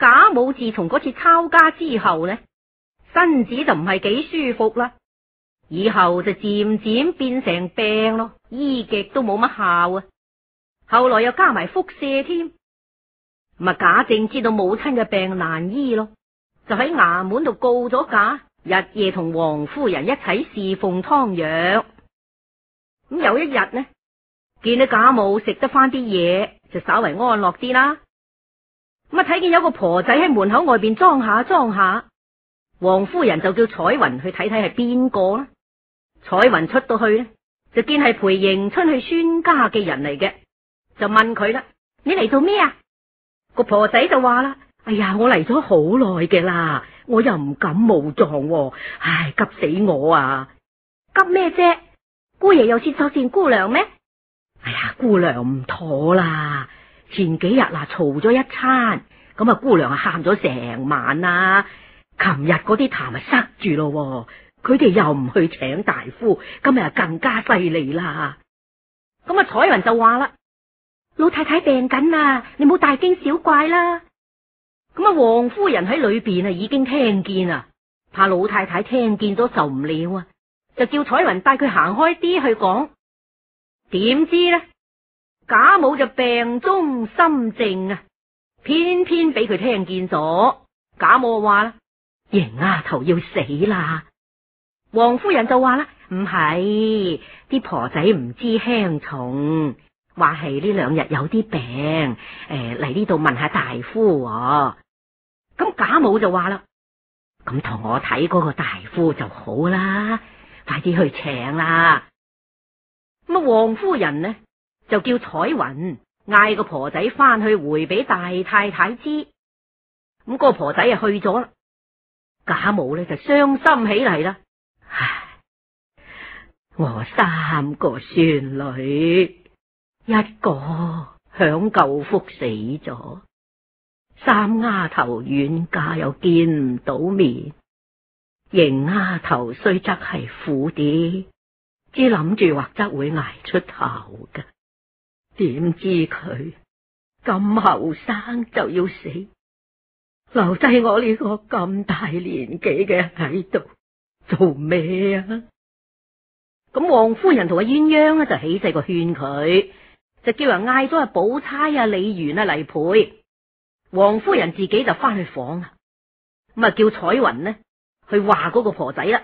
賈母自從嗰次抄家之後咧，身子就唔係幾舒服啦，以後就漸漸變成病咯，醫極都冇乜效啊。後來又加埋輻射添，咁啊賈政知道母親嘅病難醫咯，就喺衙門度告咗假，日夜同王夫人一齊侍奉湯藥。咁、嗯、有一日呢，見到賈母食得翻啲嘢，就稍為安樂啲啦。咁啊！睇見有個婆仔喺門口外邊裝下裝下，王夫人就叫彩雲去睇睇係邊個啦。彩雲出到去咧，就見係陪迎春去孫家嘅人嚟嘅，就問佢啦：你嚟做咩啊？個婆仔就話啦：哎呀，我嚟咗好耐嘅啦，我又唔敢冒撞，唉，急死我啊！急咩啫？姑爺又先收線姑娘咩？哎呀，姑娘唔妥啦。前幾日嗱嘈咗一餐，咁啊姑娘啊喊咗成晚啦。琴日嗰啲痰咪塞住咯，佢哋又唔去請大夫，今日更加犀利啦。咁啊彩雲就話啦，老太太病緊啦，你冇大驚小怪啦。咁啊王夫人喺裏邊啊已經聽見啦，怕老太太聽見咗受唔了啊，就叫彩雲帶佢行開啲去講。點知咧？賈母就病中心靜啊，偏偏俾佢聽見咗。賈母話啦：邢丫頭要死啦！王夫人就話啦：唔係，啲婆仔唔知輕重，話係呢兩日有啲病，誒嚟呢度問下大夫啊。咁賈母就話啦：咁同我睇嗰個大夫就好啦，快啲去請啦。咁啊，王夫人呢？就叫彩雲嗌個婆仔翻去回俾大太太知，咁個婆仔啊去咗啦，賈母咧就傷心起嚟啦。唉，我三個孫女，一個享救福死咗，三丫頭遠嫁又見唔到面，二丫頭雖則係苦啲，只諗住或則會捱出頭嘅。點知佢咁後生就要死，留低我呢個咁大年紀嘅喺度做咩啊？咁王夫人同阿鴛鴦咧就起勢個勸佢，就叫人嗌咗阿寶釵啊、李紈啊嚟陪。王夫人自己就翻去房啦，咁啊叫彩雲呢去話嗰個婆仔啦，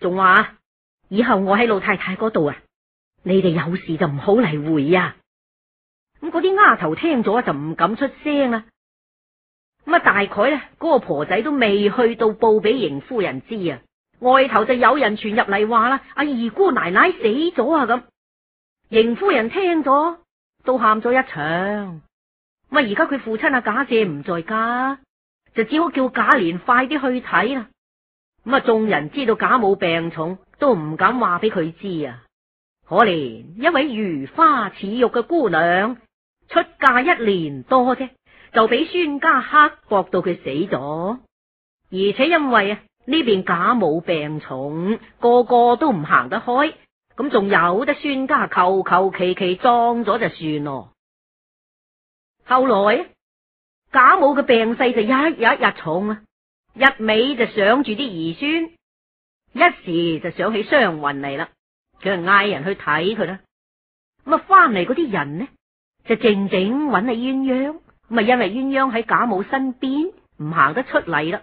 仲話以後我喺老太太嗰度啊。你哋有事就唔好嚟回啊！咁嗰啲丫頭聽咗就唔敢出聲啦。咁啊，大概咧，嗰、那個婆仔都未去到報俾邢夫人知啊。外頭就有人傳入嚟話啦：阿、啊、二姑奶奶死咗啊！咁，邢夫人聽咗都喊咗一場。咁而家佢父親啊，賈赦唔在家，就只好叫賈璉快啲去睇啦。咁啊，眾人知道賈母病重，都唔敢話俾佢知啊。可憐一位如花似玉嘅姑娘，出嫁一年多啫，就俾孫家刻薄到佢死咗。而且因為啊呢邊賈母病重，個個都唔行得開，咁仲有得孫家求求其其裝咗就算咯。後來賈母嘅病勢就一日一日重啊，一味就想住啲兒孫，一時就想起湘雲嚟啦。佢就嗌人去睇佢啦，咁啊翻嚟嗰啲人呢，就靜靜揾阿鴛鴦，咁啊因為鴛鴦喺賈母身邊，唔行得出嚟啦，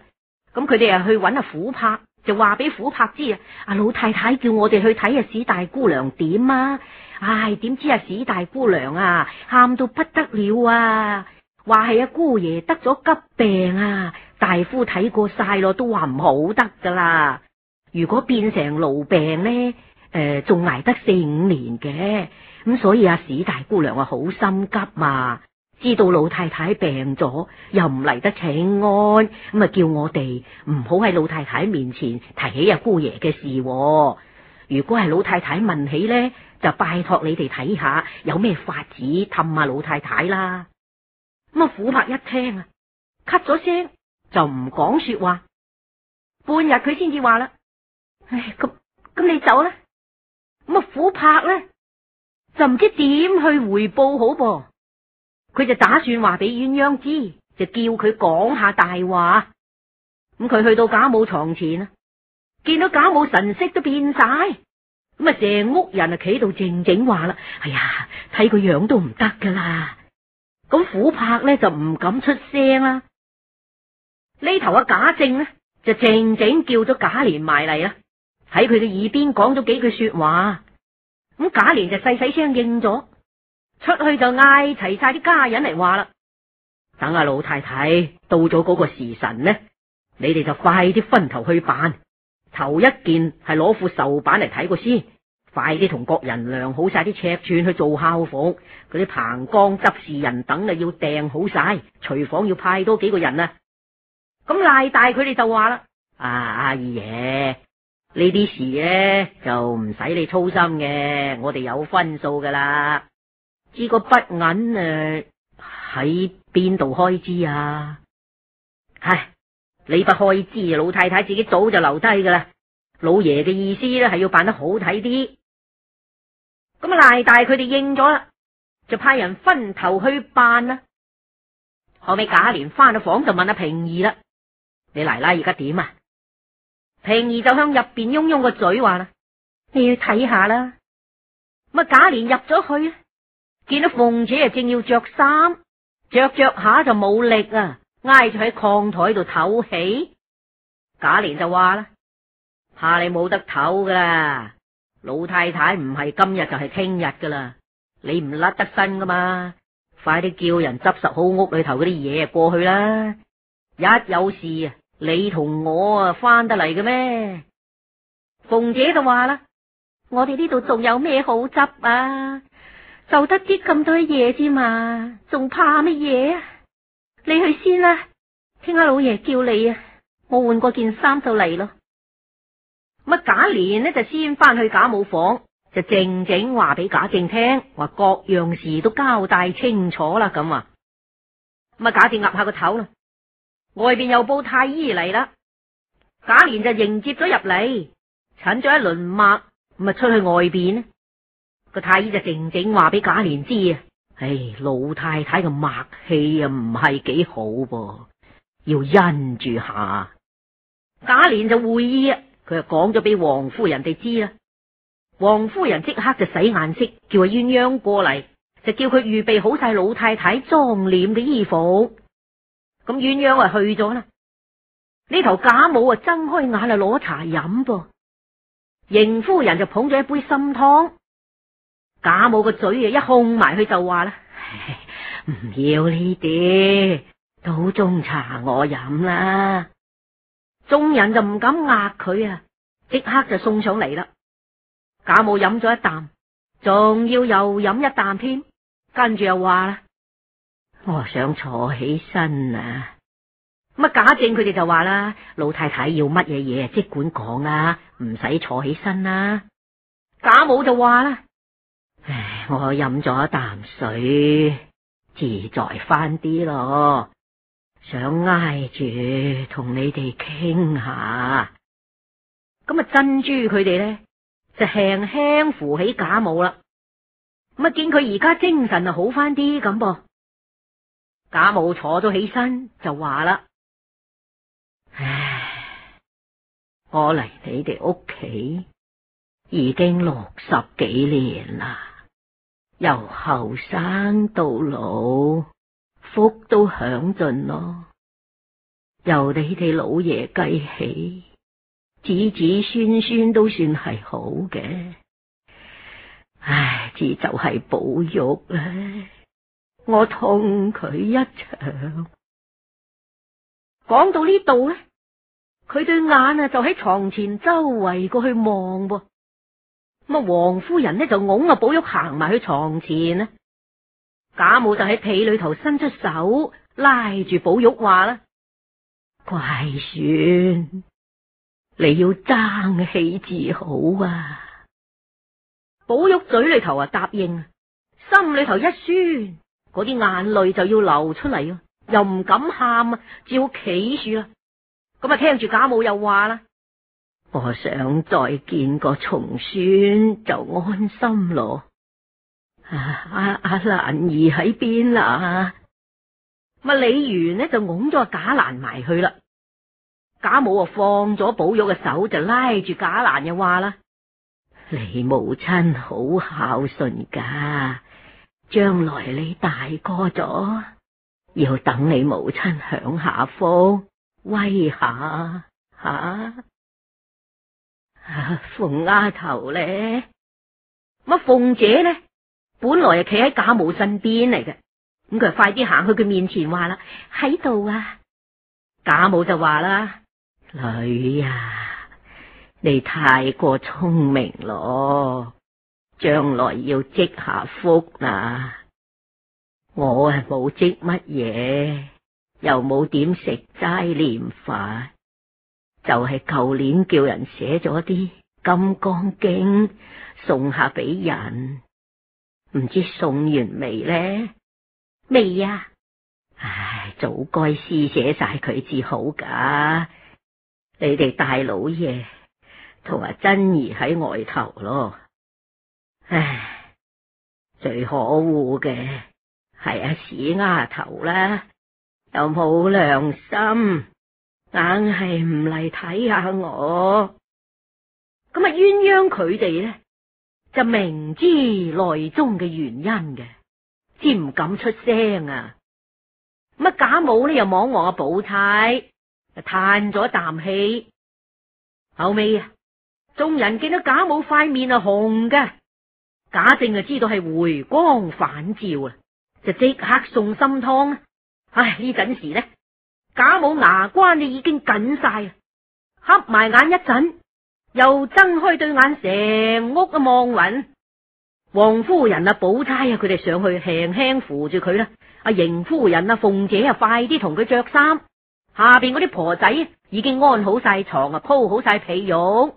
咁佢哋啊去揾阿琥珀，就話俾琥珀知啊，阿老太太叫我哋去睇阿史大姑娘點啊，唉、哎，點知啊史大姑娘啊，喊到不得了啊，話係阿姑爺得咗急病啊，大夫睇過晒咯，都話唔好得噶啦，如果變成癆病呢？誒，仲挨、呃、得四五年嘅，咁、嗯、所以阿、啊、史大姑娘啊好心急啊，知道老太太病咗，又唔嚟得請安，咁、嗯、啊、嗯、叫我哋唔好喺老太太面前提起阿姑爺嘅事，啊。如果係老太太問起咧，就拜託你哋睇下有咩法子氹下老太太啦。咁啊、嗯，琥珀一聽啊，咳咗聲就唔講說話，半日佢先至話啦。唉，咁咁你走啦。咁啊，琥珀咧就唔知點去回報好噃。佢就打算話俾鴛鴦知，就叫佢講下大話。咁佢去到賈母床前啊，見到賈母神色都變晒，咁啊，成屋人啊企度靜靜話啦。哎呀，睇個樣都唔得噶啦。咁琥珀咧就唔敢出聲啦。呢頭啊，賈政呢就靜靜叫咗賈璉埋嚟啦。喺佢嘅耳邊講咗幾句說話，咁賈璉就細細聲應咗，出去就嗌齊晒啲家人嚟，話啦。等阿老太太到咗嗰個時辰呢，你哋就快啲分頭去辦。頭一件係攞副壽板嚟睇過先，快啲同各人量好晒啲尺寸去做孝服。嗰啲棚槓執事人等啊要訂好晒，廚房要派多幾個人賴啊。咁賴大佢哋就話啦：阿二爺。呢啲事咧就唔使你操心嘅，我哋有分數噶啦。知個筆銀誒喺邊度開支啊？唉，你筆開支啊？老太太自己早就留低噶啦。老爺嘅意思咧係要辦得好睇啲。咁啊，賴大佢哋應咗啦，就派人分頭去辦啦。後尾賈璉返到房就問阿、啊、平兒啦，你奶奶而家點啊？平兒就向入邊喐喐個嘴話啦，你要睇下啦。乜？啊，賈蓮入咗去，見到鳳姐啊，正要着衫，着着下就冇力啊，挨住喺炕台度唞氣。賈蓮就話啦：，怕你冇得唞噶，老太太唔係今日就係聽日噶啦，你唔甩得身噶嘛，快啲叫人執拾好屋裏頭嗰啲嘢過去啦，一有事啊！你同我啊翻得嚟嘅咩？鳳姐就話啦，我哋呢度仲有咩好執啊？就得啲咁多嘢啫嘛，仲怕乜嘢啊？你去先啦，聽下老爺叫你啊。我換過件衫就嚟咯。乜賈璉呢，就先翻去賈母房，就靜靜話俾賈政聽，話各樣事都交代清楚啦。咁啊，咁啊，賈政岌下個頭啦。外邊又報太醫嚟啦，賈璉就迎接咗入嚟，診咗一輪脈，咁啊出去外邊。個太醫就靜靜話俾賈璉知啊，唉、哎，老太太嘅脈氣啊唔係幾好噃，要因住下。賈璉就會意啊，佢就講咗俾王夫人哋知啦。王夫人即刻就使眼色，叫阿鴛鴦過嚟，就叫佢預備好晒老太太裝殮嘅衣服。咁鴛鴦啊去咗啦，呢頭賈母啊睜開眼啊攞茶飲噃，邢夫人就捧咗一杯參湯，賈母個嘴啊一控埋，佢就話啦：唔要呢啲，倒中茶我飲啦。眾人就唔敢壓佢啊，即刻就送上嚟啦。賈母飲咗一啖，仲要又飲一啖添，跟住又話啦。我想坐起身啊！咁啊，賈政佢哋就話啦，老太太要乜嘢嘢，即管講啊，唔使坐起身啦、啊。賈母就話啦，唉，我飲咗一啖水，自在翻啲咯，想挨住同你哋傾下。咁啊，珍珠佢哋咧就輕輕扶起賈母啦。咁啊，見佢而家精神啊好翻啲咁噃。賈母坐咗起身就話啦：唉，我嚟，你哋屋企已經六十幾年啦，由後生到老，福都享盡咯。由你哋老爺計起，子子孫孫都算係好嘅。唉，只就係寶玉啦。我痛佢一場。講到呢度咧，佢對眼啊，就喺床前周圍過去望噃。咁啊，王夫人呢就拱啊，寶玉行埋去床前啦。賈母就喺被裏頭伸出手拉住寶玉，話啦：乖孫，你要爭氣至好啊！寶玉嘴裏頭啊答應，心裏頭一酸。嗰啲眼淚就要流出嚟，又唔敢喊，只好企住啦。咁啊，聽住賈母又話啦：我想再見個重孫就安心咯。阿阿蘭兒喺邊啦？咪李紈呢？就擁咗賈蘭埋去啦。賈母放咗寶玉嘅手，就拉住賈蘭又話啦：你母親好孝順噶。將來你大個咗，要等你母親享下福，威下吓。啊啊、鳳丫頭咧，乜鳳姐咧，本來係企喺賈母身邊嚟嘅，咁佢啊快啲行去佢面前話啦，喺度啊。賈母就話啦：女啊，你太過聰明咯。將來要積下福啦，我係冇積乜嘢，又冇點食齋念佛，就係、是、舊年叫人寫咗啲金剛經送下俾人，唔知送完未咧？未啊！唉，早該施寫晒佢至好噶，你哋大老爺同埋珍兒喺外頭咯。唉，最可惡嘅係阿屎丫頭啦，又冇良心，硬係唔嚟睇下我。咁啊，鴛鴦佢哋咧就明知內中嘅原因嘅，先唔敢出聲啊。乜、那個、啊，賈母咧又望我阿寶釵，就嘆咗啖氣。後尾啊，眾人見到賈母塊面啊紅嘅。賈政就知道係回光返照啊，就即刻送參湯啊！唉，呢陣時呢，賈母牙關呢已經緊晒，合埋眼一陣，又睜開對眼，成屋嘅、啊、望勻。王夫人啊、寶釵啊，佢哋上去輕輕扶住佢啦。阿、啊、邢夫人啊、鳳姐啊，快啲同佢着衫。下邊嗰啲婆仔已經安好晒床啊，鋪好晒被褥。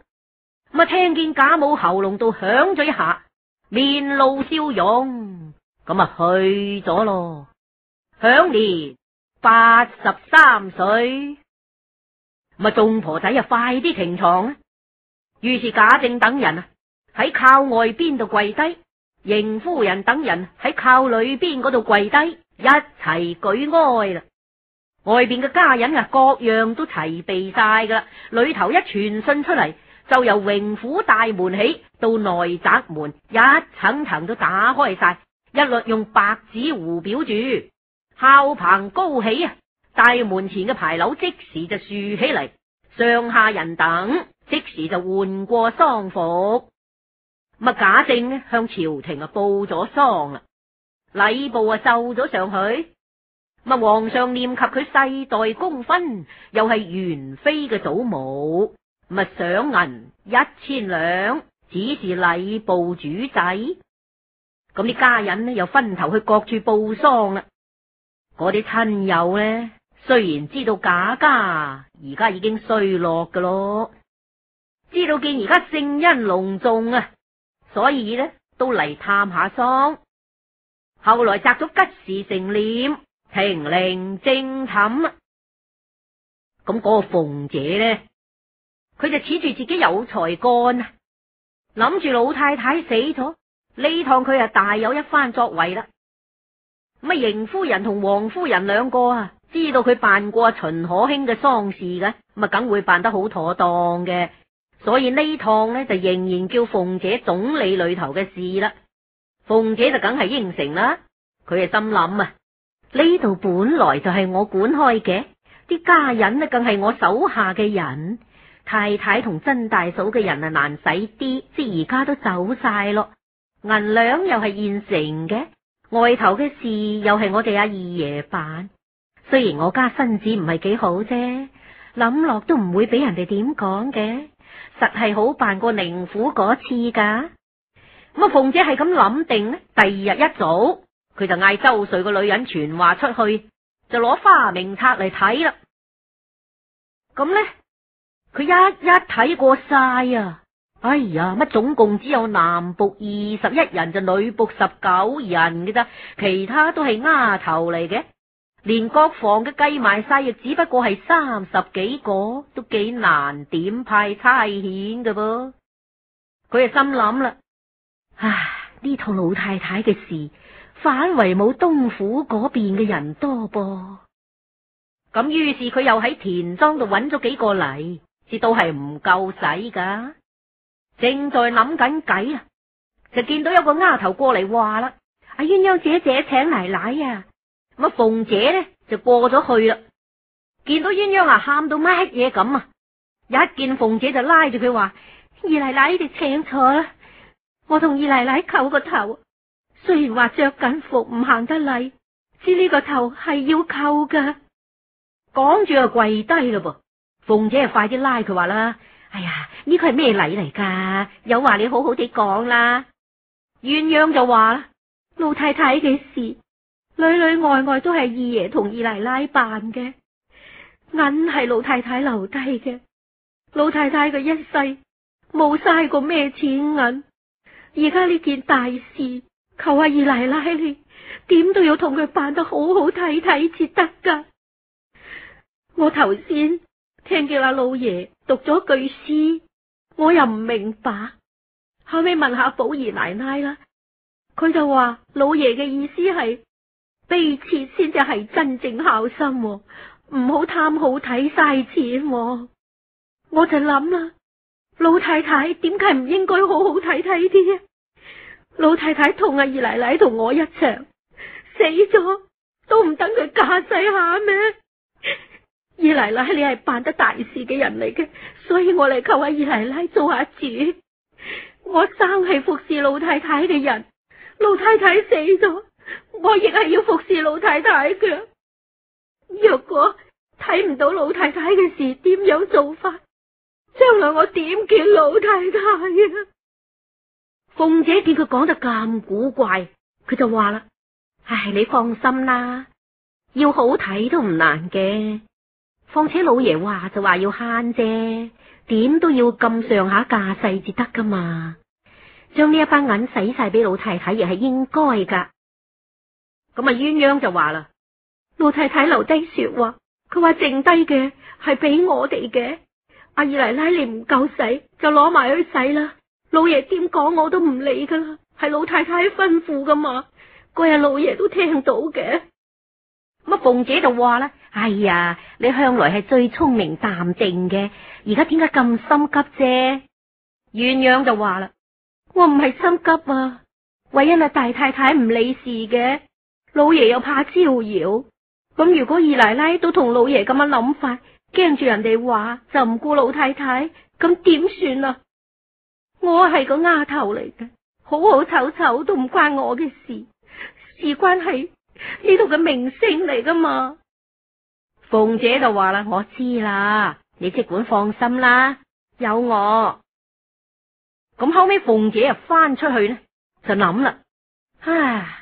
咁啊，聽見賈母喉嚨度響咗一下，面露笑容，咁啊去咗咯。享年八十三歲，咪眾婆仔啊，快啲停床啊！於是賈政等人啊喺靠外邊度跪低，邢夫人等人喺靠裏邊嗰度跪低，一齊舉哀啦。外邊嘅家人啊，各樣都齊備晒噶啦，裏頭一傳信出嚟。就由榮府大門起到內宅門，一層層都打開晒，一律用白紙糊裱住。孝棚高起啊！大門前嘅牌樓即時就豎起嚟，上下人等即時就換過喪服。咁啊，賈政向朝廷啊報咗喪啦，禮部啊奏咗上去。啊，皇上念及佢世代功勳，又係元妃嘅祖母。咪賞銀一千兩，只是禮部主仔，咁啲家人呢又分頭去各處報喪啦。嗰啲親友呢，雖然知道賈家而家已經衰落噶咯，知道見而家聖恩隆重啊，所以呢都嚟探下喪。後來擇咗吉時成殮，停靈正寢啦。咁嗰個鳳姐呢？佢就恃住自己有才幹啊，諗住老太太死咗呢趟，佢啊大有一番作為啦。咁啊，邢夫人同王夫人兩個啊，知道佢辦過秦可卿嘅喪事嘅，咁啊，梗會辦得好妥當嘅。所以呢趟咧，就仍然叫鳳姐總理裏頭嘅事啦。鳳姐就梗係應承啦。佢啊心諗啊，呢度本來就係我管開嘅，啲家人呢，更係我手下嘅人。太太同珍大嫂嘅人啊難使啲，即係而家都走晒咯，銀兩又係現成嘅，外頭嘅事又係我哋阿二爺辦。雖然我家身子唔係幾好啫，諗落都唔會俾人哋點講嘅，實係好辦過寧府嗰次噶。咁啊，鳳姐係咁諗定咧，第二日一早，佢就嗌周瑞個女人傳話出去，就攞花名冊嚟睇啦。咁咧。佢一一睇過晒啊！哎呀，乜總共只有男僕二十一人，就女仆十九人嘅啫，其他都係丫頭嚟嘅，連國房嘅計埋晒，亦只不過係三十幾個，都幾難點派差遣㗎噃。佢就心諗啦，啊，呢套老太太嘅事反為冇東府嗰邊嘅人多噃。咁於是佢又喺田莊度揾咗幾個嚟。知道係唔夠使噶，正在諗緊計啊，就見到有個丫頭過嚟話啦：阿鴛鴦姐姐請奶奶啊！咁啊，鳳姐呢就過咗去啦。見到鴛鴦啊，喊到乜嘢咁啊！一見鳳姐就拉住佢話：二奶奶你哋請坐啦，我同二奶奶叩個頭。雖然話着緊服唔行得禮，知呢個頭係要叩噶。講住就跪低咯噃。鳳姐係快啲拉佢話啦！哎呀，呢個係咩禮嚟噶？有話你好好地講啦。鴛鴦就話：老太太嘅事，裏裏外外都係二爺同二奶奶辦嘅。銀係老太太留低嘅，老太太嘅一世冇嘥過咩錢銀。而家呢件大事，求下二奶奶你點都要同佢辦得好好睇睇，至得噶。我頭先。聽見阿老爺讀咗句詩，我又唔明白。後尾問下寶二奶奶啦，佢就話老爺嘅意思係悲切先至係真正孝心，唔好貪好睇嘥錢。我就諗啦，老太太點解唔應該好好睇睇啲？老太太同阿二奶奶同我一齊死咗，都唔等佢嫁細下咩？二奶奶，你係辦得大事嘅人嚟嘅，所以我嚟求下二奶奶做下主。我生係服侍老太太嘅人，老太太死咗，我亦係要服侍老太太嘅。若果睇唔到老太太嘅事，點樣做法？將來我點見老太太啊？鳳姐見佢講得咁古怪，佢就話啦：唉，你放心啦，要好睇都唔難嘅。況且老爺話就話要慳啫，點都要咁上下架勢至得噶嘛。將呢一班銀使晒俾老太太亦係應該噶。咁啊鴛鴦就話啦，老太太留低說話，佢話剩低嘅係俾我哋嘅。阿二奶奶你唔夠使就攞埋去使啦。老爺點講我都唔理噶啦，係老太太吩咐噶嘛，嗰日老爺都聽到嘅。咁鳳姐就話啦，哎呀，你向來係最聰明淡定嘅，而家點解咁心急啫？鴛鴦就話啦，我唔係心急啊，為因啊大太太唔理事嘅，老爺又怕招搖，咁如果二奶奶都同老爺咁樣諗法，驚住人哋話就唔顧老太太，咁點算啊？我係個丫頭嚟嘅，好好醜醜都唔關我嘅事，事關係。呢度嘅明星嚟噶嘛？鳳姐就話啦，我知啦，你即管放心啦，有我。咁後尾鳳姐又翻出去呢，就諗啦，鴛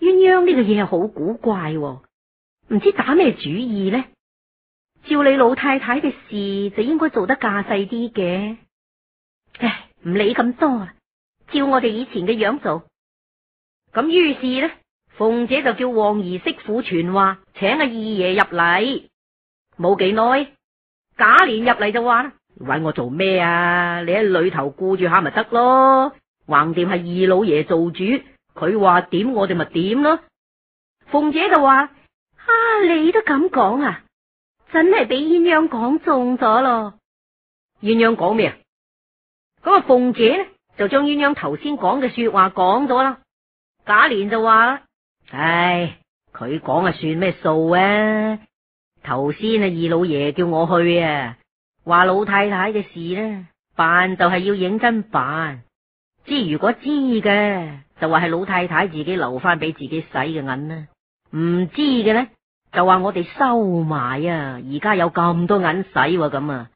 鴦呢個嘢好古怪啊，唔知打咩主意呢？照你老太太嘅事就應該做得架細啲嘅，唉，唔理咁多啦，照我哋以前嘅樣做。咁於是呢？鳳姐就叫王兒媳婦傳話，請阿二爺入嚟。冇幾耐，賈璉入嚟就話啦：搵我做咩啊？你喺裏頭顧住下咪得咯。橫掂係二老爺做主，佢話點我哋咪點咯。鳳姐就話：啊，你都咁講啊，真係俾鴛鴦講中咗咯。鴛鴦講咩啊？嗰個，鳳姐呢就將鴛鴦頭先講嘅說話講咗啦。賈璉就話啦。唉，佢講啊，算咩數啊？頭先啊，二老爺叫我去啊，話老太太嘅事呢，辦就係要認真辦。知如果知嘅就話係老太太自己留翻俾自己使嘅銀啦，啊，唔知嘅呢，就話我哋收埋啊。而家有咁多銀使咁啊，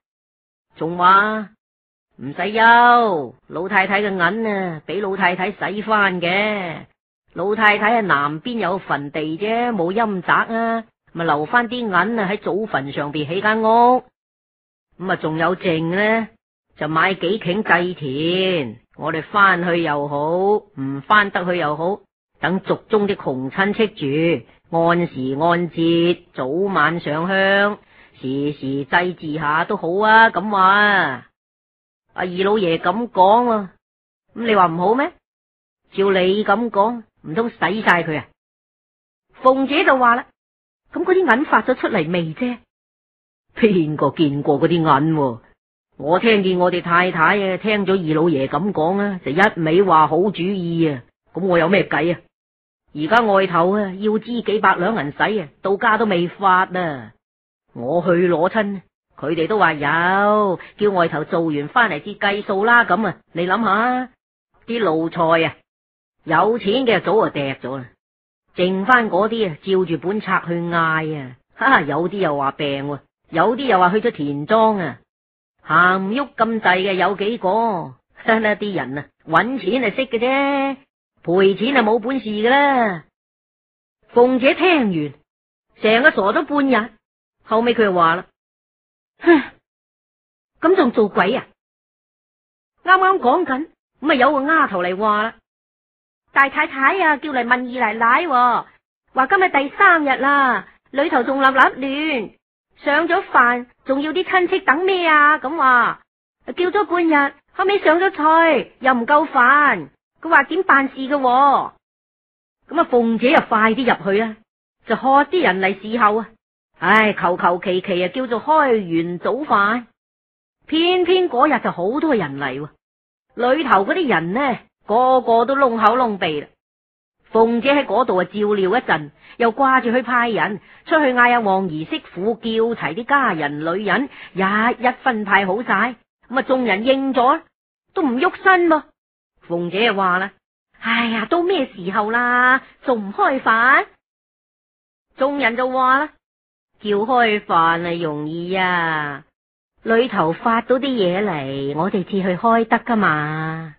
仲話唔使憂，老太太嘅銀啊俾老太太使翻嘅。老太太喺南邊有墳地啫，冇陰宅啊，咪留翻啲銀啊，喺祖墳上邊起間屋，咁啊仲有剩呢，就買幾頃祭田，我哋翻去又好，唔翻得去又好，等族中啲窮親戚住，按時按節早晚上香，時時祭祀下都好啊，咁話阿二老爺咁講，咁你話唔好咩？照你咁講。唔通使晒佢啊？鳳姐就話啦：咁嗰啲銀發咗出嚟未啫？邊個見過嗰啲銀？我聽見我哋太太啊，聽咗二老爺咁講啊，就一味話好主意啊。咁我有咩計啊？而家外頭啊要支幾百兩銀使啊，到家都未發啊。我去攞親，佢哋都話有，叫外頭做完翻嚟至計數啦。咁啊，你諗下啲奴才啊。有錢嘅早就掟咗啦，剩翻嗰啲啊，照住本冊去嗌啊！哈，哈，有啲又話病，有啲又話去咗田莊啊，行唔喐咁滯嘅有幾個？呢啲人啊，搵錢係識嘅啫，賠錢係冇本事噶啦。鳳姐聽完，成個傻咗半日，後尾佢就話啦：咁仲 做鬼啊？啱啱講緊，咁啊有個丫頭嚟話啦。大太太啊，叫嚟問二奶奶、啊，話今日第三日啦，裏頭仲立立亂，亂，亂上咗飯，仲要啲親戚等咩啊？咁話叫咗半日，後尾上咗菜又唔夠飯，佢話點辦事嘅？咁啊，鳳姐又快啲入去啊，就喝啲人嚟侍候啊。唉，求求其其啊，叫做開完早飯，偏偏嗰日就好多人嚟裏、啊、頭嗰啲人呢？個個都窿口窿鼻啦，鳳姐喺嗰度啊照料一陣，又掛住去派人出去嗌阿旺兒媳婦叫齊啲家人女人一一分派好晒，咁啊眾人應咗，都唔喐身噃。鳳姐就話啦：哎呀，到咩時候啦？仲唔開飯？眾人就話啦：叫開飯係容易啊，裏頭發到啲嘢嚟，我哋至去開得噶嘛。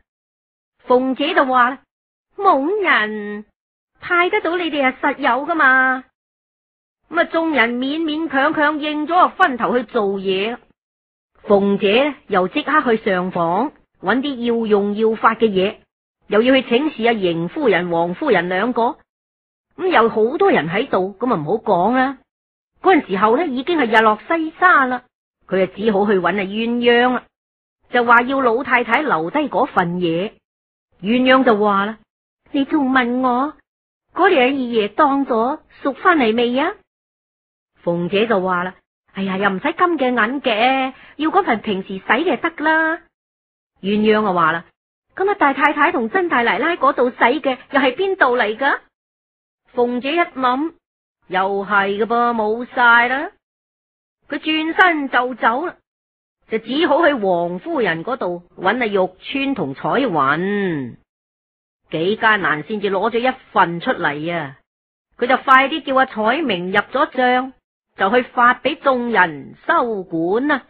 鳳姐就話啦：冇人派得到你哋係實有噶嘛？咁啊，眾人勉勉強強應咗，就分頭去做嘢。鳳姐又即刻去上房揾啲要用要發嘅嘢，又要去請示阿邢夫人、王夫人兩個。咁有好多人喺度，咁啊唔好講啦。嗰陣時候咧，已經係日落西山啦，佢啊只好去揾鴛鴦啦，就話要老太太留低嗰份嘢。鴛鴦就話啦：你仲問我嗰年二爺當咗贖翻嚟未啊？鳳姐就話啦：哎呀，又唔使金嘅銀嘅，要嗰份平時使嘅就得啦。鴛鴦就話啦：咁啊，大太太同珍大奶奶嗰度使嘅又係邊度嚟噶？鳳姐一諗，又係㗎噃，冇晒啦。佢轉身就走啦。就只好去王夫人嗰度揾阿玉釧同彩雲，幾艱難先至攞咗一份出嚟啊！佢就快啲叫阿、啊、彩明入咗賬，就去發俾眾人收管啊！